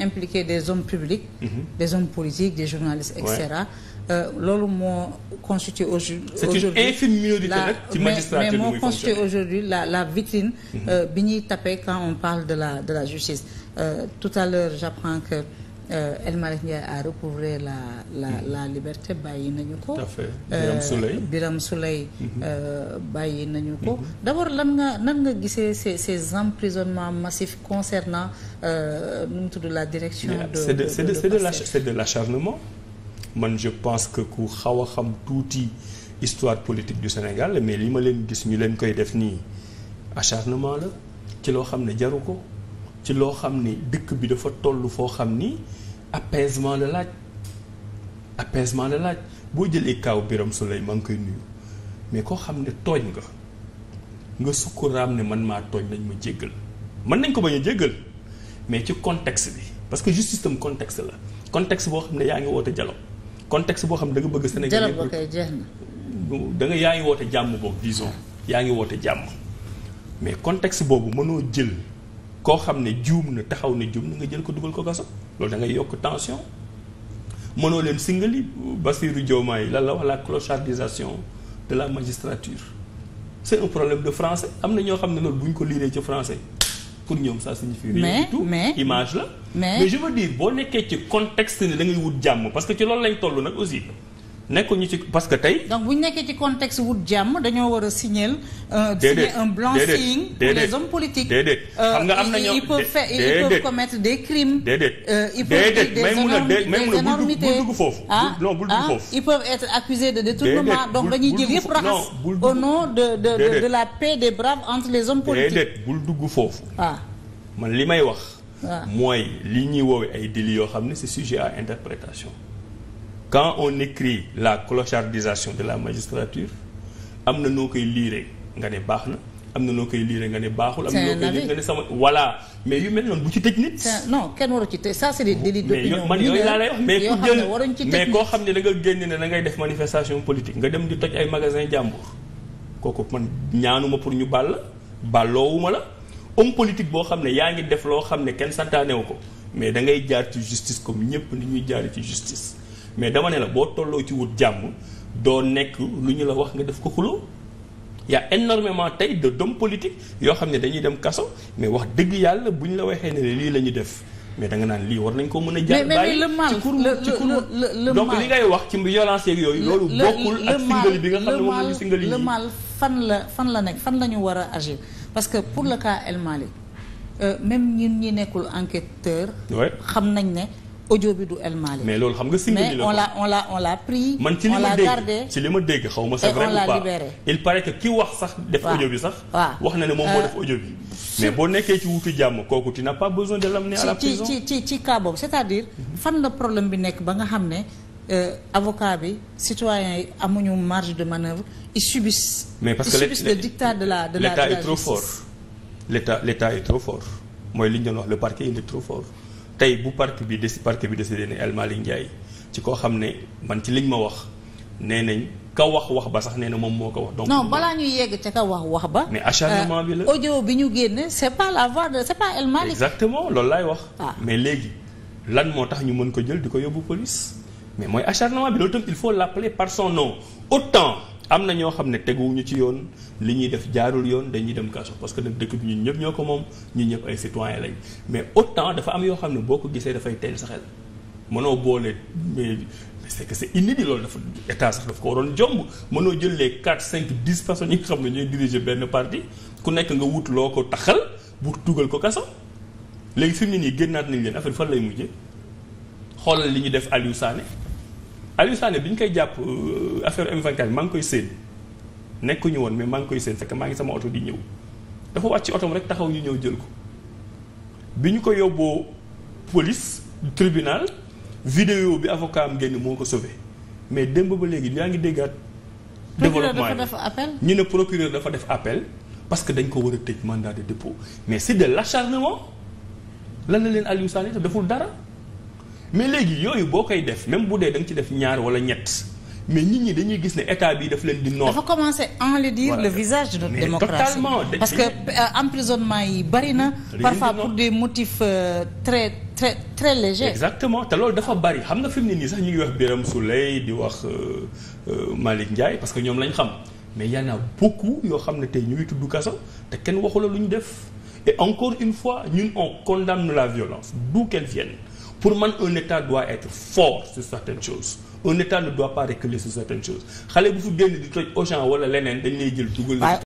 impliquer des hommes publics mm -hmm. des hommes politiques des journalistes et cetera euh, loolu moo constitué aujourd'hui c'est une infime minorité nag ci magistrature mais moo constitué aujourd'hui la la victime mhm. euh, bi ñuy tapé quand on parle de la de la justice euh, tout à l'heure j'apprends que Euh, El Malick Ndiaye a recouvré la la mm-hmm. la liberté bàyyi nañu ko. tout à euh, Biram Souley Biram Souley mm-hmm. euh, bàyyi nañu ko. Mm-hmm. d' abord lan nga nan nga gisee ces ces emprisonnements massifs concernant nu mu tudd la direction. de c' est de c' est de l' man je pense que ku xaw a xam tuuti histoire politique du Sénégal mais li ma leen gis ñu leen koy def nii acharnement la ci loo xam ne jaru ko. ci loo xam ni dëkk bi dafa toll foo xam ni apaisement la laaj apaisement la laaj boo jëlee kaaw Birame Souleye maa ngi koy nuyu mais koo xam ne tooñ nga nga sukkuraam ne man maa tooñ nañ ma jéggal mën nañ ko bañ a jéggal mais ci contexte bi parce que justice tam contexte la contexte boo xam ne yaa ngi woote dialogue contexte boo xam ne da nga bëgg Sénégal dialogue ba kay jeex na da yaa ngi woote jàmm boobu disons yaa ngi woote jàmm mais contexte boobu mënoo jël koo xam ne juum na taxaw ne juum na nga jël ko dugal ko kaso loolu da ngay yokk tension mënoo leen singali Bassirou Diomaye lan la wax la clochardisation de la magistrature c' est un problème de français am na ñoo xam ne loolu bu ñu ko liiree ci français pour ñoom ça signifie rien tout image la mais je veux dire boo nekkee ci contexte ni da ngay wut jàmm parce que ci loolu lañ toll nag aussi ñu ci parce que tey. donc bu ñu nekkee ci contexte wut jàmm dañoo war a euh, signer. déedéet un blanc les hommes politiques. déedéet euh, xam nga am na ñoo ils peuvent faire ils peuvent commettre des crimes. déedéet may mun a dé may mun a bul foofu. ah non bul dugg ah, foofu. ils peuvent être accusés de détournement donc dañuy jël yëpp raxas au nom de de la paix des braves entre les hommes politiques. déedéet bul dugg foofu. ah man li may wax. Ah. mooy li ñuy woowe ay délits yoo xam ne si sujet à interprétation. quand on écrit la clochardisation de la magistrature am na noo koy liire nga ne baax na am na noo koy liire nga ne baaxul. am na noo koy liire nga ne sama voilà mais yu mel noonu bu ci tëj nit. non kenn waru ci tëj ça c'est des délits d'opinion man yooyu laa lay wax mais ku jël mais koo xam ne da nga génn ne da ngay def manifestation politique nga dem di toj ay magasin jàmbur kooku man ñaanuma pour ñu bàll bàlloowuma la homme politique boo xam ne yaa ngi def loo xam ne kenn santaanewu ko mais da ngay jaar ci justice comme ñëpp ni ñuy jaar ci justice. mais dama ne la boo tolloo ci wut jàmm doo nekk lu ñu la wax nga def ko xuloo yaa a énormément tey de doom politiques yoo xam ne dañuy dem kaso mais wax dëgg yàlla bu ñu la waxee ne lii la ñu def mais da nga naan lii war nañ ko mën a jaar bàyyi ci kur ci kur donc ngay wax ci violence yeeg yooyu loolu bokkul ak singali bi nga xam ne moom la ñu singali le mal fan la fan la nekk fan la ñu war a agir parce que pour le kaa El Malick euh, même ñun ñi nekkul enquêteur xam nañ ne ojo bi du El Malick mais loolu xam nga single mais on l'a on l'a on l'a pris. man ci li ma dégg xaw ma se vrai ou pas il paraît que ki wax sax. def audio bi sax. wax na ne moom moo euh, def audio bi. mais boo nekkee ci wutu jàmm kooku tu na pas besoin de l'amener à la prison ci ci ci cas à fan la problème bi nekk ba nga xam ne. Euh, avocat bi citoyens yi amuñu marge de manœuvre ils subissent. mais parce que subissent le, le dictat de la de la de la justice. l'état est trop fort l'état l'état est trop fort mooy li ñu doon wax le parquet il est trop fort. tey bu parc bi des parc bi de ne El Malick Ndiaye ci koo xam ne man ci liñ ma wax nee nañ ka wax wax ba sax nee na moom moo ko wax. donc non balaa ñuy yegg ca ka wax wax ba. mais acharnement euh, bi la audio bi ñu génne c'est pas la voix de c'est pas El Malick. exactement loolu laay wax. Ah. mais léegi lan moo tax ñu mën ko jël di ko yóbbu police mais mooy acharnement bi loolu tam il faut l'appeler par son nom am na ñoo xam ne teguwuñu ci yoon li ñuy def jaarul yoon dañuy dem kaso parce que nag dëkk bi ñu ñëpp ñoo ko moom ñun ñëpp ay citoyen lañ mais autant dafa am yoo xam ne boo ko gisee dafay teel sa xel mënoo boole mais c'est que c'est inédit loolu dafa état sax daf ko waroon jomb mënoo jël les 4 5 10 personnes yi nga xam ne ñooy diriger benn parti ku nekk nga wut loo ko taxal bu tugal ko kaso léegi fi mu ne nii génnaat nañ leen affaire fan lay mujjee xoolal li ñu def Aliou Sané. Aliou Sané bi ñu koy jàpp euh, affaire m maa ngi koy séen nekkuñu woon mais maa ngi koy séen fekk maa ngi sama oto di ñëw dafa wàcc ci otom rek taxaw ñu ñëw jël ko bi ñu ko yóbboo police tribunal vidéo bi avocat am génn moo ko sauvé mais démb ba léegi yaa ngi déggaat développement ñu ne procureur dafa def appel parce que dañ ko war a tëj mandat de dépôt mais c'est de l'acharnement lan na leen Aliou Sané def dara mais léegi yooyu boo koy def même bu dee da nga ci def ñaar wala ñett mais nit ñi dañuy gis ne état bi daf leen di noor. dafa commencer enlaidir le visage de notre démocratie parce que euh, emprisonnement yi bari na. parfois pour des motifs euh, très très très légers. exactement te loolu dafa bari xam nga fi mu ne nii sax ñu ngi wax Birame Souleye di wax euh, Malick Ndiaye parce que ñoom lañ xam mais y en a yoo xam ne tey ñu ngi tudd kaso te kenn waxu la lu ñu def encore une fois ñun on condamne la violence d'où qu'elle vienne. pour man un état doit être fort sur certaines choses un état ne doit pas reculer sur certaines choses xale bu fu génn di toj Auchan wala leneen dañ lay jël dugal